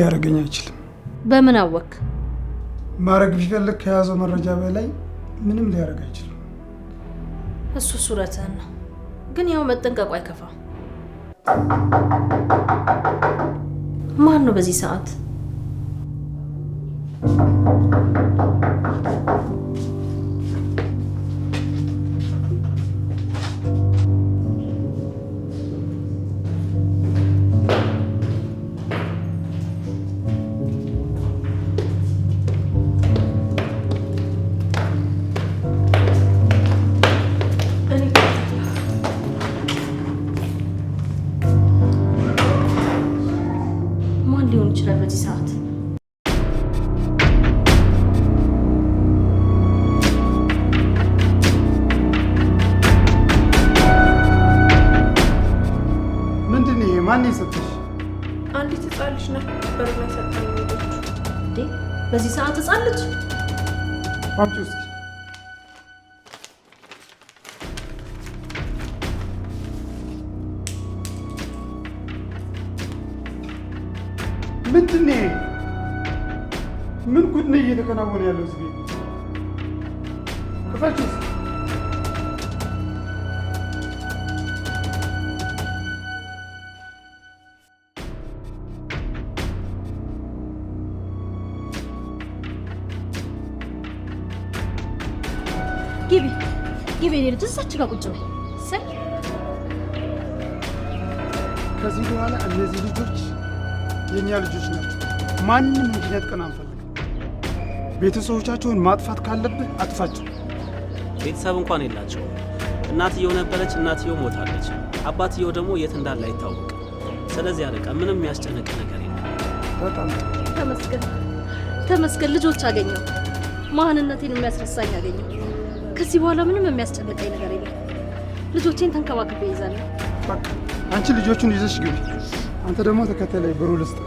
ሊያደርገኝ አይችልም። በምን አወቅ? ማድረግ ቢፈልግ ከያዘው መረጃ በላይ ምንም ሊያደርግ አይችልም። እሱ ሱረትህን ነው፣ ግን ያው መጠንቀቁ አይከፋም። ማን ነው በዚህ ሰዓት? ግቢ ግቢ። ሌሎች እዛች ጋር ቁጭ በይ። ከዚህ በኋላ እነዚህ ልጆች የእኛ ልጆች ናቸው። ማንም እንዲነጥቀን አንፈልግም። ቤተሰቦቻቸውን ማጥፋት ካለብህ አጥፋቸው። ቤተሰብ እንኳን የላቸውም። እናትየው ነበረች፣ እናትየው ሞታለች። አባትየው ደግሞ የት እንዳለ አይታወቅም። ስለዚህ አለቃ ምንም የሚያስጨንቅ ነገር የለም። በጣም ተመስገን፣ ተመስገን ልጆች አገኘው። ማንነቴን የሚያስረሳኝ አገኘው። ከዚህ በኋላ ምንም የሚያስጨንቀኝ ነገር የለም። ልጆቼን ተንከባክቤ ይዛለሁ። አንቺ ልጆቹን ይዘሽ ግቢ፣ አንተ ደግሞ ተከተለኝ። ብሩ ልስጥ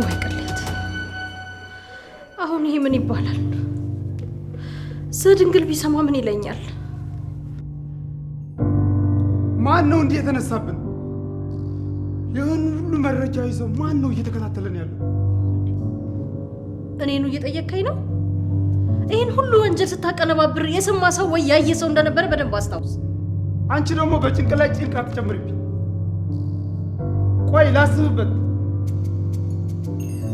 ወይ ቅሌት! አሁን ይሄ ምን ይባላል? ስድንግል ቢሰማ ምን ይለኛል? ማን ነው እንዲህ የተነሳብን? ይህን ሁሉ መረጃ ይዘው ማን ነው እየተከታተለን ያለው? እኔኑ እየጠየቅከኝ ነው? ይህን ሁሉ ወንጀል ስታቀነባብር የሰማ ሰው ወይ ያየ ሰው እንደነበረ በደንብ አስታውስ። አንቺ ደግሞ በጭንቅላት ጭንቅ አትጨምሪብኝ። ቆይ ላስብበት።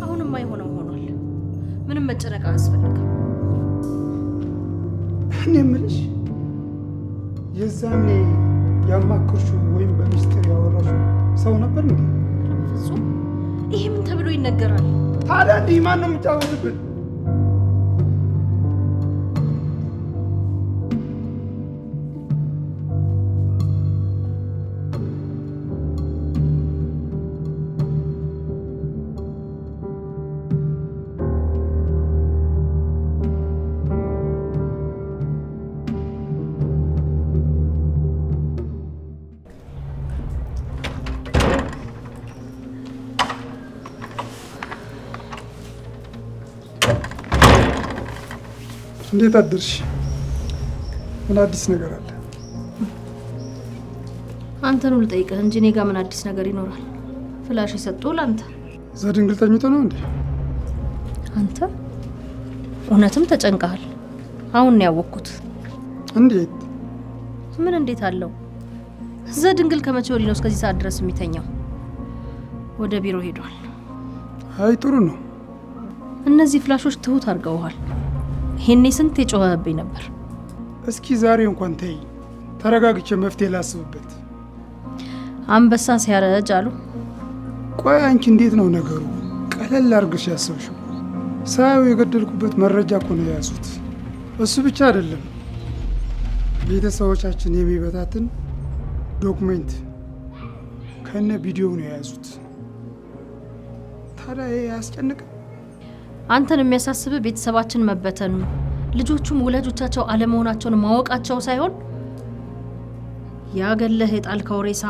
አሁንም አይሆነው ሆኗል። ምንም መጨነቅ አያስፈልግም። እኔ የምልሽ የዛኔ ያማክርሹ ወይም በሚስጢር ያወራሹ ሰው ነበር እንዴ? ፍጹም ይሄ ምን ተብሎ ይነገራል ታዲያ? እንዲህ ማን ነው የሚጫወትብን? እንዴት አደርሽ? ምን አዲስ ነገር አለ? አንተ ነው ልጠይቅህ እንጂ እኔ ጋር ምን አዲስ ነገር ይኖራል? ፍላሽ የሰጡ ለአንተ ዘድንግል ተኝቶ ነው እንዴ? አንተ እውነትም ተጨንቀሃል። አሁን ነው ያወቅኩት። እንዴት? ምን እንዴት አለው? ዘድንግል ከመቼ ወዲህ ነው እስከዚህ ሰዓት ድረስ የሚተኛው? ወደ ቢሮ ሄዷል። አይ ጥሩ ነው። እነዚህ ፍላሾች ትሁት አድርገውሃል። ይሄኔ ስንት የጮኸብኝ ነበር። እስኪ ዛሬ እንኳን ተይ፣ ተረጋግቼ መፍትሄ ላስብበት። አንበሳ ሲያረጅ አሉ። ቆይ አንቺ እንዴት ነው ነገሩ? ቀለል አድርገሽ ያሰብሽው። ሳያው የገደልኩበት መረጃ እኮ ነው የያዙት። እሱ ብቻ አይደለም ቤተሰቦቻችን የሚበታትን ዶክሜንት ከነ ቪዲዮ ነው የያዙት። ታዲያ ያስጨንቅ አንተን የሚያሳስብ ቤተሰባችን መበተኑ ልጆቹም ወላጆቻቸው አለመሆናቸውን ማወቃቸው ሳይሆን ያገለህ የጣልከው ሬሳ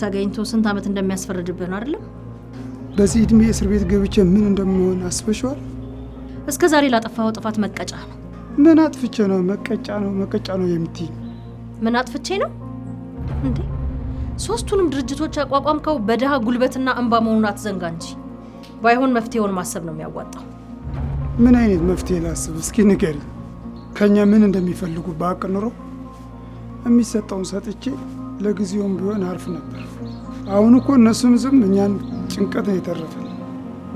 ተገኝቶ ስንት ዓመት እንደሚያስፈርድብን አይደለም። በዚህ እድሜ እስር ቤት ገብቼ ምን እንደምሆን አስበሽዋል? እስከ ዛሬ ላጠፋኸው ጥፋት መቀጫ ነው። ምን አጥፍቼ ነው መቀጫ ነው መቀጫ ነው የምትይኝ? ምን አጥፍቼ ነው እንዴ? ሶስቱንም ድርጅቶች ያቋቋምከው በድሃ ጉልበትና እንባ መሆኑን አትዘንጋ እንጂ። ባይሆን መፍትሄውን ማሰብ ነው የሚያዋጣው። ምን አይነት መፍትሄ ላስብ? እስኪ ንገሪ። ከእኛ ምን እንደሚፈልጉ በአቅ ኑሮ የሚሰጠውን ሰጥቼ ለጊዜውም ቢሆን አርፍ ነበር። አሁን እኮ እነሱም ዝም እኛን ጭንቀት የተረፈ።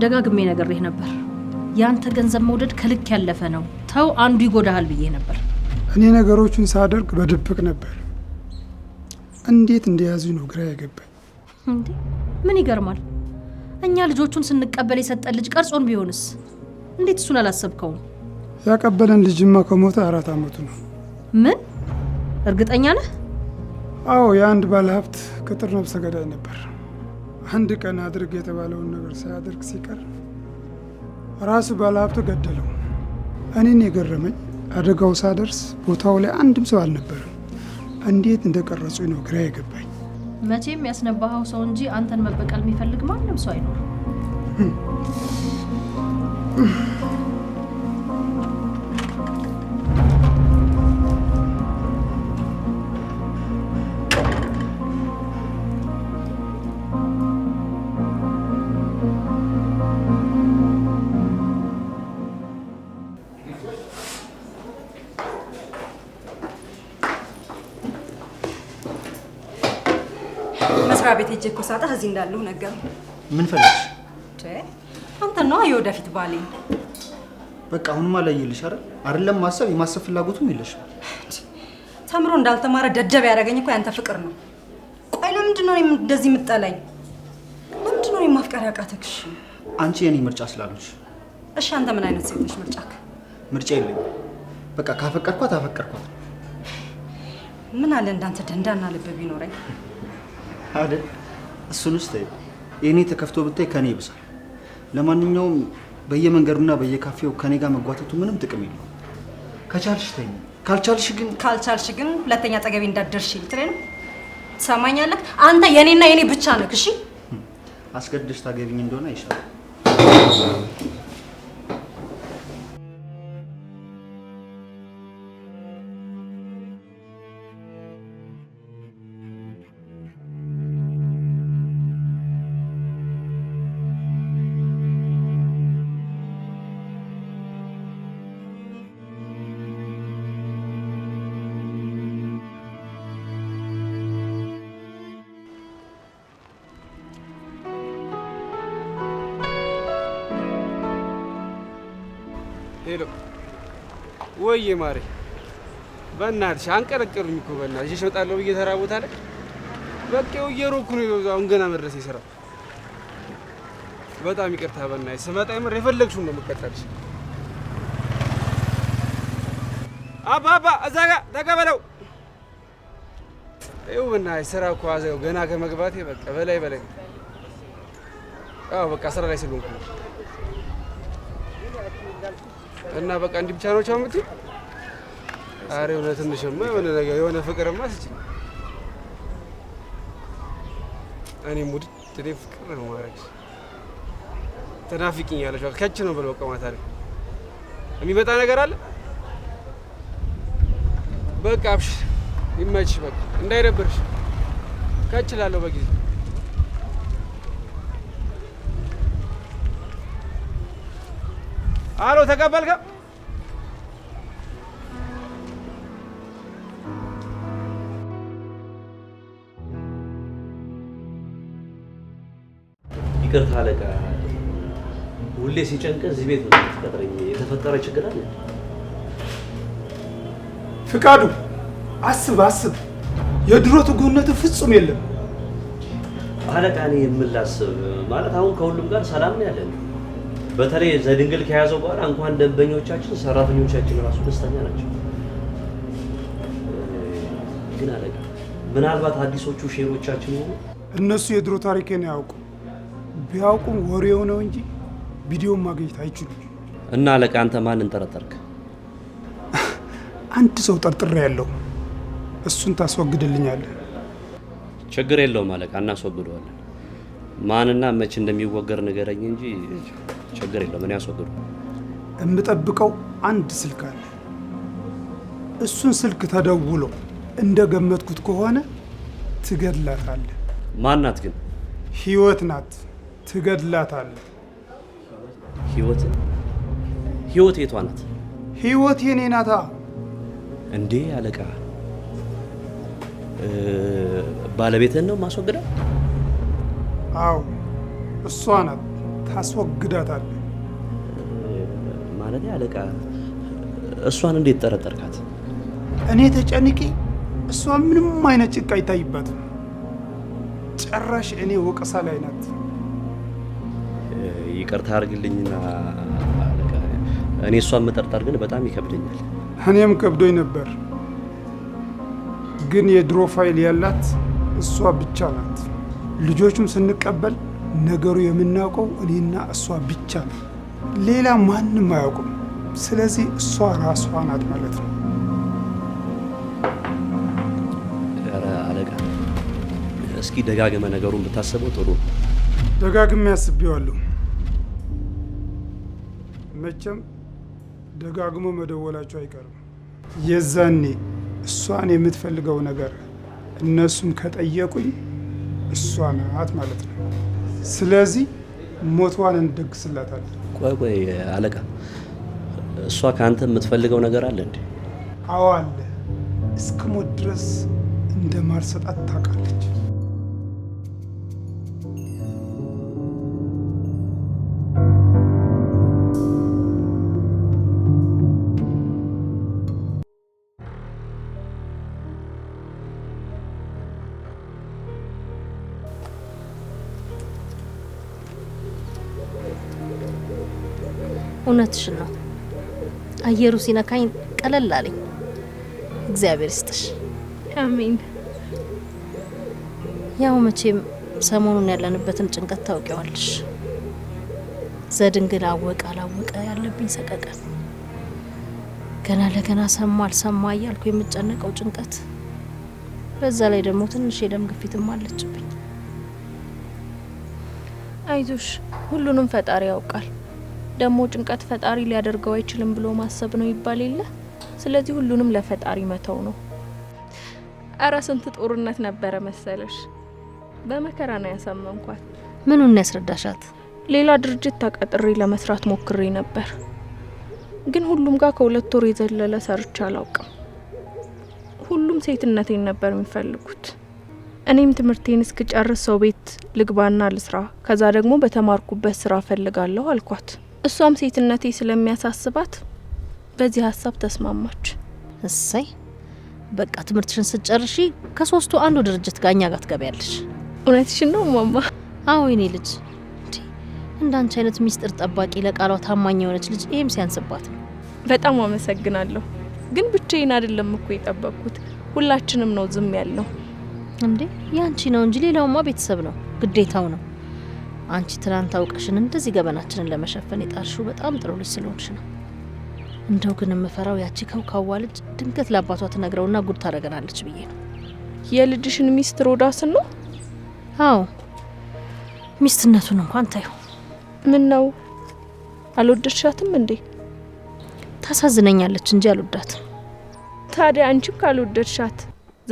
ደጋግሜ ነግሬህ ነበር፣ ያንተ ገንዘብ መውደድ ከልክ ያለፈ ነው። ተው አንዱ ይጎዳሃል ብዬ ነበር። እኔ ነገሮቹን ሳደርግ በድብቅ ነበር። እንዴት እንደያዙ ነው ግራ ያገባኝ። እንዴ ምን ይገርማል። እኛ ልጆቹን ስንቀበል የሰጠን ልጅ ቀርጾን ቢሆንስ እንዴት እሱን አላሰብከውም? ያቀበለን ልጅማ ከሞተ አራት አመቱ ነው። ምን እርግጠኛ ነህ? አዎ፣ የአንድ ባለሀብት ቅጥር ነብሰ ገዳይ ነበር። አንድ ቀን አድርግ የተባለውን ነገር ሳያደርግ ሲቀር ራሱ ባለሀብቱ ገደለው። እኔን የገረመኝ አደጋው ሳደርስ ቦታው ላይ አንድም ሰው አልነበረም። እንዴት እንደቀረጹ ነው ግራ የገባኝ። መቼም ያስነባኸው ሰው እንጂ አንተን መበቀል የሚፈልግ ማንም ሰው አይኖርም። hm መስሪያ ቤት ሄጄ እኮ ሳጣህ እዚህ እንዳለሁ ነገር ምን ፈልግሽ? የወደፊት ባሌ በቃ አሁንማ ላየልሽ አይደል? አይደለም ማሰብ የማሰብ ፍላጎቱም የለሽም። ተምሮ እንዳልተማረ ደደብ ያደረገኝ እኮ ያንተ ፍቅር ነው። ቆይ ለምንድን ነው እንደዚህ የምጠላኝ? ለምንድን ነው የማፍቀር ያቃተክሽ? አንቺ የኔ ምርጫ ስላልሽ። እሺ አንተ ምን አይነት ሴት ነሽ? ምርጫክ? ምርጫ የለኝም። በቃ ካፈቀርኳት አፈቀርኳት። ምን አለ እንዳንተ ደንዳና ልብ ቢኖረኝ አይደል? እሱንስ ተይው። የኔ ተከፍቶ ብታይ ከኔ ይብሳል። ለማንኛውም በየመንገዱና በየካፌው ከኔ ጋር መጓተቱ ምንም ጥቅም የለው። ከቻልሽ ተይኝ፣ ካልቻልሽ ግን ካልቻልሽ ግን ሁለተኛ ጠገቤ እንዳደርሽ ትሬን ትሰማኛለህ? አንተ የኔና የኔ ብቻ ነህ። እሺ አስገድደሽ ታገቢኝ እንደሆነ አይሻልም? ሄሎ፣ ወይዬ ማሬ፣ በእናትሽ አንቀረቀሩኝ እኮ በእናትሽ። ይዤሽ እመጣለሁ ብዬሽ ተራ ቦታ ላይ በቃ እየሮኩ ነው። አሁን ገና መድረሴ ስራ። በጣም ይቅርታ በእናትሽ። ስመጣ የምር የፈለግሽውን ነው የምቀጣልሽ። አባ አባ፣ እዛ ጋ ጠጋ ይኸው በእናትሽ ስራ እኮ አዘው ገና ከመግባቴ በቃ በላይ በላይ። አዎ በቃ ስራ ላይ ስለሆንኩ ነው። እና በቃ እንዲህ ብቻ ነው ቻው የምትይው? ኧረ የሆነ ትንሽማ የሆነ ነገር የሆነ ፍቅርማ ስጪኝ። እኔ ሙድ ትዴ ፍቅር ነው ማረግ ተናፍቂኝ ያለሽ ከች ነው ብለው በቃ ታሪክ ላይ የሚመጣ ነገር አለ። በቃ አብሽ ይመችሽ፣ በቃ እንዳይደብርሽ። ከችላለሁ በጊዜ አሎ ተቀበልከ? ይቅርታ አለቃ፣ ሁሌ ሲጨንቀ እዚህ ቤት ነው የምትቀጥረኝ። የተፈጠረ ችግር አለ? ፍቃዱ፣ አስብ አስብ፣ የድሮ ትጉህነት ፍጹም የለም አለቃ። እኔ የምላስብ ማለት አሁን ከሁሉም ጋር ሰላም ነው ያለን በተለይ ዘድንግል ከያዘው በኋላ እንኳን ደንበኞቻችን ሰራተኞቻችን ራሱ ደስተኛ ናቸው። ግን አለ ምናልባት አዲሶቹ ሼሮቻችን ሆኑ እነሱ የድሮ ታሪክን ያውቁ ቢያውቁም ወሬው ነው እንጂ ቪዲዮን ማግኘት አይችሉም። እና አለቃ አንተ ማንን ጠረጠርክ? አንድ ሰው ጠርጥሬ ያለው እሱን ታስወግድልኛለህ? ችግር የለውም አለቃ፣ እናስወግደዋለን። ማንና መቼ እንደሚወገር ንገረኝ እንጂ ችግር የለም እኔ አስወግዱ። የምጠብቀው አንድ ስልክ አለ። እሱን ስልክ ተደውሎ እንደገመትኩት ከሆነ ትገድላታለህ። ማን ናት ግን? ህይወት ናት። ትገድላታለህ። ህይወት ህይወት የቷ ናት? ህይወት የኔ ናታ። እንዴ አለቃ፣ ባለቤትህን ነው ማስወግደው አዎ እሷ ናት። ታስወግዳታለህ ማለት አለቃ። እሷን እንዴት ጠረጠርካት? እኔ ተጨንቄ እሷ ምንም አይነት ጭቃ አይታይባትም። ጭራሽ እኔ ወቀሳ ላይ ናት። ይቅርታ አድርግልኝና አለቃ፣ እኔ እሷን መጠርጠር ግን በጣም ይከብደኛል። እኔም ከብዶኝ ነበር፣ ግን የድሮ ፋይል ያላት እሷ ብቻ ናት። ልጆቹም ስንቀበል ነገሩ የምናውቀው እኔና እሷ ብቻ ነው። ሌላ ማንም አያውቁም። ስለዚህ እሷ ራሷ ናት ማለት ነው። እስኪ ደጋግመ ነገሩን ብታስበው ጥሩ። ደጋግሜ ያስቤዋለሁ። መቼም ደጋግሞ መደወላቸው አይቀርም። የዛኔ እሷን የምትፈልገው ነገር እነሱም ከጠየቁኝ እሷ ናት ማለት ነው። ስለዚህ ሞቷን እንደግስላታለን። ቆይ ቆይ አለቃ፣ እሷ ከአንተ የምትፈልገው ነገር አለ እንዴ? አዎ አለ። እስከ ሞት ድረስ እንደ ማርሰጣት ታውቃለህ። እውነትሽን ነው። አየሩ ሲነካኝ ቀለል አለኝ። እግዚአብሔር ይስጥሽ። አሜን። ያው መቼም ሰሞኑን ያለንበትን ጭንቀት ታውቂዋለሽ። ዘድንግል አወቀ አላወቀ ያለብኝ ሰቀቀን ገና ለገና ሰማ አልሰማ እያልኩ የምጨነቀው ጭንቀት፣ በዛ ላይ ደግሞ ትንሽ የደም ግፊትም አለችብኝ። አይዞሽ፣ ሁሉንም ፈጣሪ ያውቃል። ደግሞ ጭንቀት ፈጣሪ ሊያደርገው አይችልም ብሎ ማሰብ ነው ይባል የለ። ስለዚህ ሁሉንም ለፈጣሪ መተው ነው። እረ ስንት ጦርነት ነበረ መሰለሽ። በመከራ ነው ያሳመንኳት። ምኑን ያስረዳሻት? ሌላ ድርጅት ተቀጥሬ ለመስራት ሞክሬ ነበር፣ ግን ሁሉም ጋር ከሁለት ወር የዘለለ ሰርቼ አላውቅም። ሁሉም ሴትነቴን ነበር የሚፈልጉት። እኔም ትምህርቴን እስክጨርስ ሰው ቤት ልግባና ልስራ፣ ከዛ ደግሞ በተማርኩበት ስራ ፈልጋለሁ አልኳት። እሷም ሴትነቴ ስለሚያሳስባት በዚህ ሀሳብ ተስማማች። እሰይ በቃ ትምህርትሽን ስትጨርሺ ከሶስቱ አንዱ ድርጅት ጋር እኛ ጋር ትገቢያለሽ። እውነትሽን ነው ማማ? አዎ የኔ ልጅ። እንዳንቺ አይነት ሚስጥር ጠባቂ፣ ለቃሏ ታማኝ የሆነች ልጅ ይህም ሲያንስባት ነው። በጣም አመሰግናለሁ። ግን ብቻዬን አይደለም እኮ የጠበቅኩት፣ ሁላችንም ነው ዝም ያለው እንዴ ያንቺ ነው እንጂ ሌላውማ ቤተሰብ ነው፣ ግዴታው ነው። አንቺ ትናንት አውቀሽን እንደዚህ ገበናችንን ለመሸፈን የጣርሹ በጣም ጥሩ ልጅ ስለሆንሽ ነው። እንደው ግን የምፈራው ያቺ ከውካዋ ልጅ ድንገት ለአባቷ ትነግረውና ጉድ ታደረገናለች ብዬ ነው። የልጅሽን ሚስት ሮዳስን ነው? አዎ፣ ሚስትነቱን እንኳን ታዩ። ምን ነው አልወደድሻትም እንዴ? ታሳዝነኛለች እንጂ አልወዳት። ታዲያ አንቺም ካልወደድሻት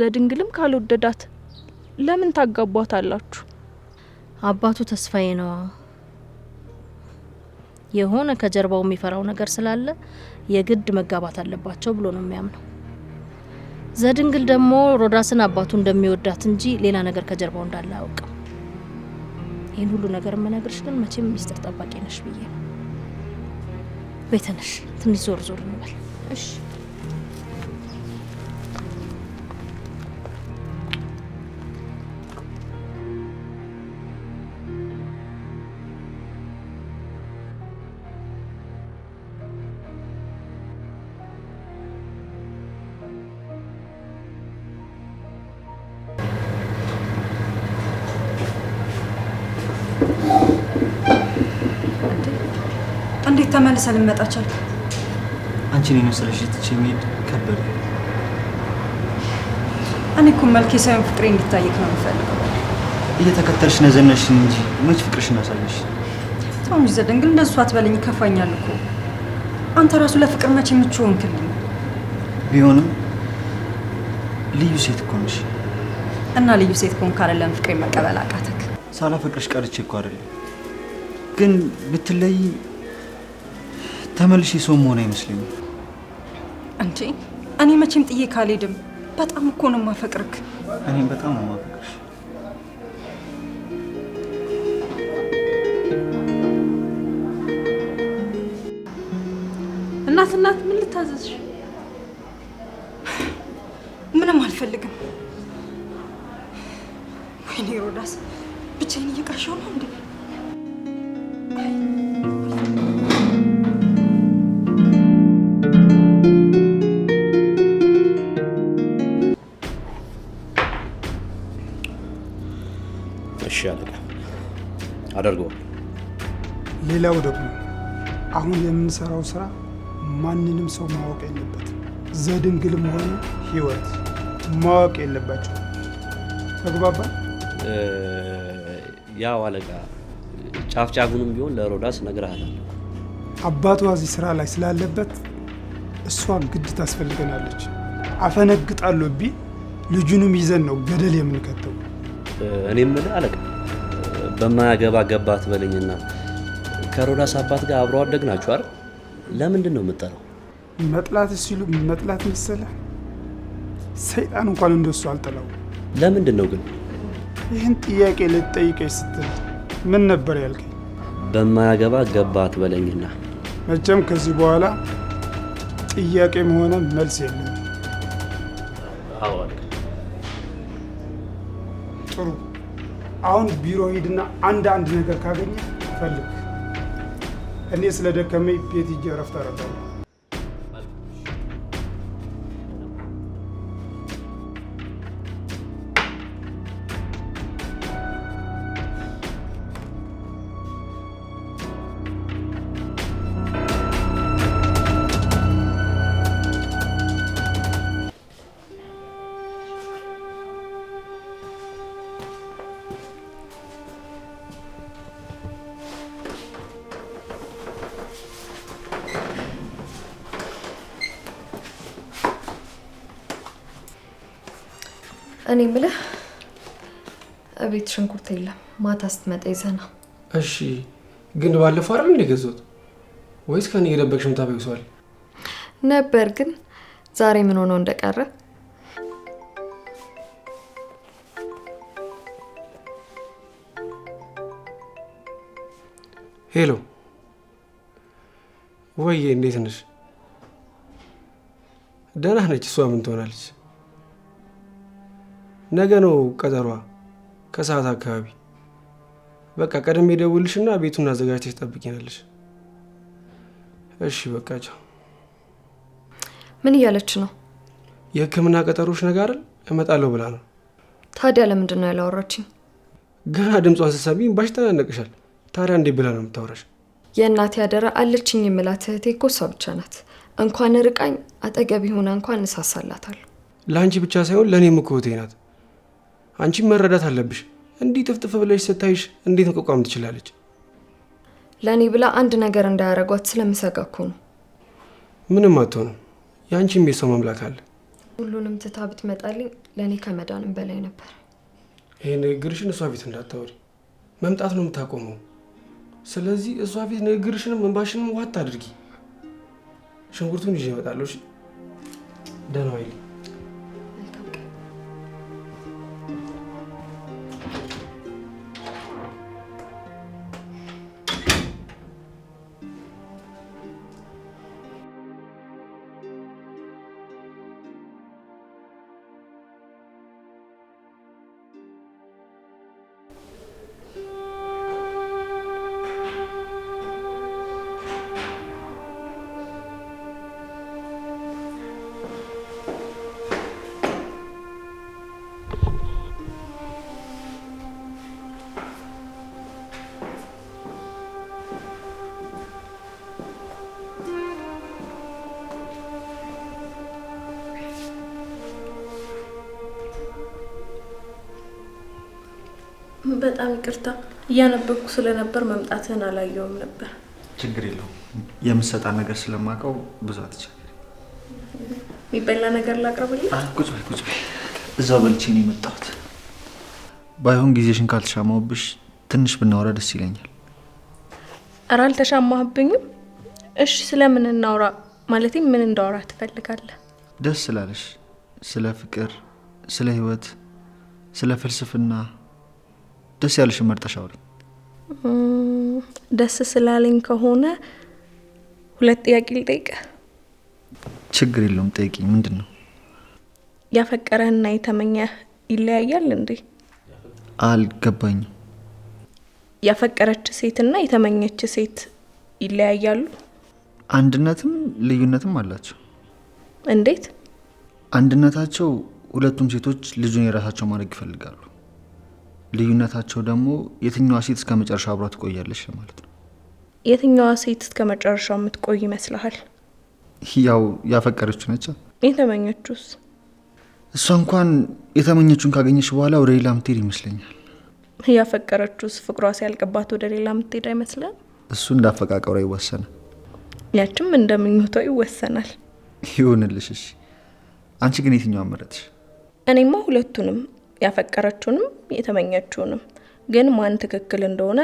ዘድንግልም ካልወደዳት ለምን ታጋቧት አላችሁ? አባቱ ተስፋዬ ነዋ። የሆነ ከጀርባው የሚፈራው ነገር ስላለ የግድ መጋባት አለባቸው ብሎ ነው የሚያምነው። ዘድንግል ደግሞ ሮዳስን አባቱ እንደሚወዳት እንጂ ሌላ ነገር ከጀርባው እንዳለ አያውቅም። ይህን ሁሉ ነገር የምነግርሽ ግን መቼም ሚስጥር ጠባቂ ነሽ ብዬ ነው። ቤተነሽ ትንሽ ዞር ዞር እንበል እሺ? ተመልሰ ልመጣቻል። አንቺን የመሰለሽ ትቼ መሄድ ከበደ። እኔ እኮ መልኬ ሳይሆን ፍቅሬ እንዲታይክ ነው የምፈልገው። እየተከተልሽ ነዘነሽን እንጂ መች ፍቅርሽን አሳየሽ። ታሁን ዘደንግል እንደሱ አትበለኝ፣ ይከፋኛል እኮ አንተ ራሱ ለፍቅር መቼ ምቹ ሆንክልኝ። ቢሆንም ልዩ ሴት እኮ ነሽ እና ልዩ ሴት ከሆንክ አይደለም ፍቅሬ መቀበል አቃተክ። ሳላፈቅርሽ ቀርቼ እኮ አይደለም ግን ብትለይ ተመልሼ ሰው መሆን አይመስለኝም። አንቺ እኔ መቼም ጥዬ ካልሄድም። በጣም እኮ ነው የማፈቅርክ። እኔም በጣም ነው የማፈቅርሽ። እናት እናት፣ ምን ልታዘዝሽ? ምንም አልፈልግም። ወይኔ ሮዳስ፣ ብቻዬን እየቃሻው ነው እንዴ? አደርገዋል። ሌላው ደግሞ አሁን የምንሰራው ስራ ማንንም ሰው ማወቅ የለበትም። ዘድንግልም ሆነ ህይወት ማወቅ የለባቸው። ተግባባ። ያው አለቃ ጫፍጫፉንም ቢሆን ለሮዳስ ነግረሃታል። አባቷ እዚህ ስራ ላይ ስላለበት እሷ ግድ ታስፈልገናለች። አፈነግጣለሁ ቢ ልጁንም ይዘን ነው ገደል የምንከተው። እኔም አለቃ በማያገባ ገባት በለኝና ከሮዳስ አባት ጋር አብረው አደግ ናችሁ አይደል? ለምንድን ነው የምጠራው? መጥላት ሲሉ መጥላት መሰለ። ሰይጣን እንኳን እንደሱ አልጠላው። ለምንድን ነው ግን ይህን ጥያቄ ልትጠይቀኝ ስትል ምን ነበር ያልከኝ? በማያገባ ገባት በለኝና መቼም ከዚህ በኋላ ጥያቄም ሆነ መልስ የለም። አሁን ቢሮ ሂድና አንድ አንድ ነገር ካገኘ ፈልግ። እኔ ስለደከመኝ ቤት ሂጅ እረፍት አደርጋለሁ። እኔ የምልህ እቤት ሽንኩርት የለም። ማታ ስትመጣ ይዘና። እሺ፣ ግን ባለፈው አይደል እንደ ገዛሁት ወይስ ከኔ የደበቅሽ ምታበይሷል ነበር? ግን ዛሬ ምን ሆነው እንደቀረ ሄሎ፣ ወይዬ፣ እንዴት ነሽ? ደህና ነች። እሷ ምን ትሆናለች? ነገ ነው ቀጠሯ፣ ከሰዓት አካባቢ። በቃ ቀደም የደውልሽና ቤቱን አዘጋጅተሽ ትጠብቂናለሽ። እሺ፣ በቃ ቻው። ምን እያለች ነው? የህክምና ቀጠሮች ነገ አይደል? እመጣለሁ ብላ ነው። ታዲያ ለምንድን ነው ያላወራችኝ? ገና ድምጿን ስትሰሚኝ ባሽ ተናነቅሻል። ታዲያ እንዴ ብላ ነው የምታወራሽ? የእናቴ አደራ አለችኝ የምላት እህቴ እኮ እሷ ብቻ ናት። እንኳን ርቃኝ አጠገብ ሆና እንኳን እሳሳላታለሁ። ለአንቺ ብቻ ሳይሆን ለእኔም እኮ እህቴ ናት። አንቺም መረዳት አለብሽ። እንዲህ ጥፍጥፍ ብለሽ ስታይሽ እንዴት መቋቋም ትችላለች? ለእኔ ብላ አንድ ነገር እንዳያረጓት ስለምሰጋ እኮ ነው። ምንም አትሆንም። የአንቺም የሰው መምላክ አለ። ሁሉንም ትታ ብትመጣልኝ ለእኔ ከመዳንም በላይ ነበር። ይህ ንግግርሽን እሷ ፊት እንዳታወሪ፣ መምጣት ነው የምታቆመው። ስለዚህ እሷ ፊት ንግግርሽንም እንባሽንም ዋት አድርጊ። ሽንኩርቱን ይዤ እመጣለሁ። ደህና ዋይልኝ። በጣም ይቅርታ እያነበብኩ ስለነበር መምጣትህን አላየውም ነበር። ችግር የለውም። የምሰጣ ነገር ስለማውቀው ብዙ አትቸገሪ። የሚበላ ነገር ላቅርብልህ? ቁጭ በይ ቁጭ በይ። እዛው በልቼ ነው የመጣሁት። ባይሆን ጊዜሽን ካልተሻማሁብሽ ትንሽ ብናወራ ደስ ይለኛል። ኧረ አልተሻማህብኝም። እሺ ስለምን እናውራ? ማለቴ ምን እንዳወራ ትፈልጋለህ? ደስ ስላለሽ፣ ስለ ፍቅር፣ ስለ ህይወት፣ ስለ ፍልስፍና ደስ ያለሽን መርጠሽ አውሪ። ደስ ስላለኝ ከሆነ ሁለት ጥያቄ ልጠይቅ። ችግር የለውም ጠይቂ። ምንድን ነው? ያፈቀረህና የተመኘ ይለያያል እንዴ? አልገባኝም። ያፈቀረች ሴትና የተመኘች ሴት ይለያያሉ? አንድነትም ልዩነትም አላቸው። እንዴት? አንድነታቸው ሁለቱም ሴቶች ልጁን የራሳቸው ማድረግ ይፈልጋሉ። ልዩነታቸው ደግሞ የትኛዋ ሴት እስከ መጨረሻ አብራ ትቆያለች ማለት ነው። የትኛዋ ሴት እስከ መጨረሻው የምትቆይ ይመስልሃል? ያው ያፈቀረችው ነቻ። የተመኘችውስ? እሷ እንኳን የተመኘችውን ካገኘች በኋላ ወደ ሌላ ምትሄድ ይመስለኛል። ያፈቀረችውስ ፍቅሯ ሲያልቅባት ወደ ሌላ ምትሄድ አይመስልም? እሱ እንዳፈቃቀሯ ይወሰናል። ያችም እንደ ምኞቷ ይወሰናል። ይሁንልሽ። እሺ፣ አንቺ ግን የትኛው መረጥሽ? እኔማ ሁለቱንም ያፈቀረችውንም የተመኘችውንም ግን ማን ትክክል እንደሆነ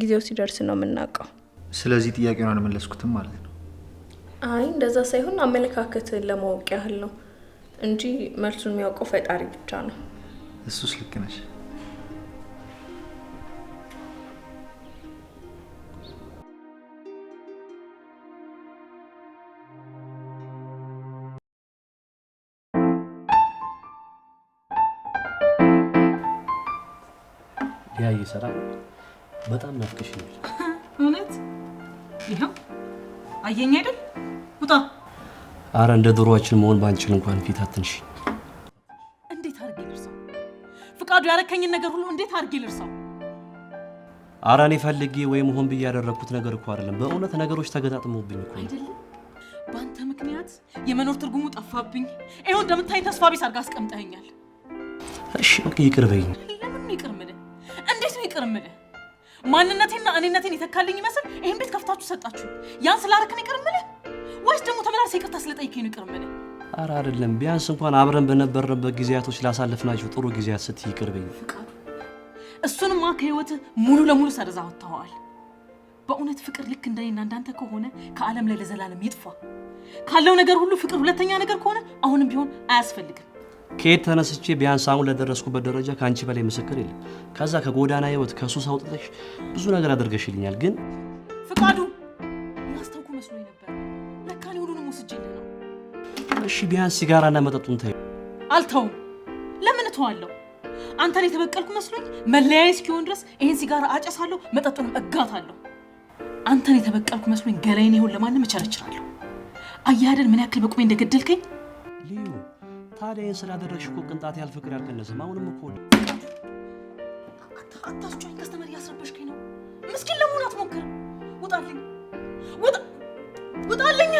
ጊዜው ሲደርስ ነው የምናውቀው። ስለዚህ ጥያቄውን አልመለስኩትም ማለት ነው? አይ እንደዛ ሳይሆን አመለካከትን ለማወቅ ያህል ነው እንጂ መልሱን የሚያውቀው ፈጣሪ ብቻ ነው። እሱስ ልክ ነሽ። ሲሰራ በጣም ናፍቀሽኛል። እውነት ይኸው አየኝ አይደል? ውጣ። አረ እንደ ድሮዋችን መሆን ባንችል እንኳን ፊት አትንሽ። እንዴት አድርጌ ልርሳው? ፍቃዱ ያረከኝን ነገር ሁሉ እንዴት አድርጌ ልርሳው? አረ እኔ ፈልጌ ወይም ሆን ብዬ ያደረግኩት ነገር እኮ አይደለም። በእውነት ነገሮች ተገጣጥመውብኝ እኮ አይደለም። በአንተ ምክንያት የመኖር ትርጉሙ ጠፋብኝ። ይኸው እንደምታይ ተስፋ ቢስ አድርጋ አስቀምጠኸኛል። እሺ በቃ ይቅር በይኝ። ማንነቴና እኔነቴን የተካልኝ ይመስል ይህን ቤት ከፍታችሁ ሰጣችሁ። ያን ስላረክን ይቅር እምልህ ወይስ ደግሞ ተመላልሰ ይቅርታ ስለጠይቀኝ ነው ይቅር እምልህ? አይደለም። ቢያንስ እንኳን አብረን በነበርንበት ጊዜያቶች ላሳለፍናቸው ጥሩ ጊዜያት ስትይ ይቅር ፍቃዱ፣ እሱንማ ሙሉ ለሙሉ ሰርዛ ወጥተኸዋል። በእውነት ፍቅር ልክ እንደኔና እንዳንተ ከሆነ ከዓለም ላይ ለዘላለም ይጥፋ። ካለው ነገር ሁሉ ፍቅር ሁለተኛ ነገር ከሆነ አሁንም ቢሆን አያስፈልግም። ከየት ተነስቼ ቢያንስ አሁን ለደረስኩበት ደረጃ ከአንቺ በላይ ምስክር የለም። ከዛ ከጎዳና ህይወት ከሱስ አውጥተሽ ብዙ ነገር አድርገሽልኛል። ግን ፍቃዱ ማስታውቁ መስሎ ነበር። ለካ ሁሉንም ወስጄልህ ነው። እሺ ቢያንስ ሲጋራና መጠጡን ተይው። አልተውም። ለምን እተዋለሁ? አንተን የተበቀልኩ መስሎኝ መለያየ እስኪሆን ድረስ ይሄን ሲጋራ አጨሳለሁ፣ መጠጡንም እጋታለሁ። አንተን የተበቀልኩ መስሎኝ ገላይን ይሁን ለማንም እቸረችራለሁ። አያደን ምን ያክል በቁሜ እንደገደልከኝ ታዲያ ስላደረግሽ እኮ ቅንጣት ያህል ፍቅር ያልቀነስም። አሁንም እኮ ከስተመር እያስረበሽከኝ ነው። ምስኪን ለመሆን አትሞክር። ውጣልኝ! ውጣልኝ!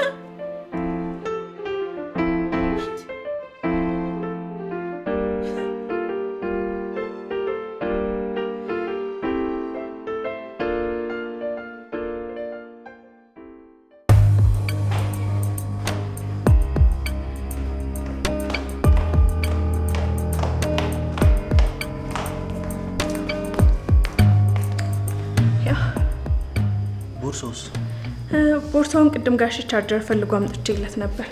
ቦርሳውስ? ቦርሳውን ቅድም ጋሽ ቻርጀር ፈልጎ አምጥቼለት ነበር።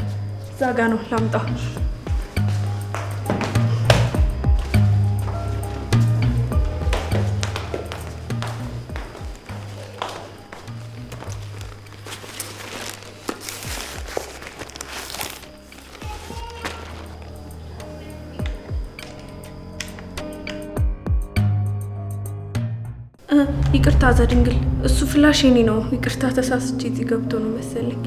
እዛ ጋ ነው ላምጣው። ታዘ ድንግል እሱ ፍላሽ የኔ ነው። ይቅርታ ተሳስቼ እዚህ ገብቶ ነው መሰለኝ።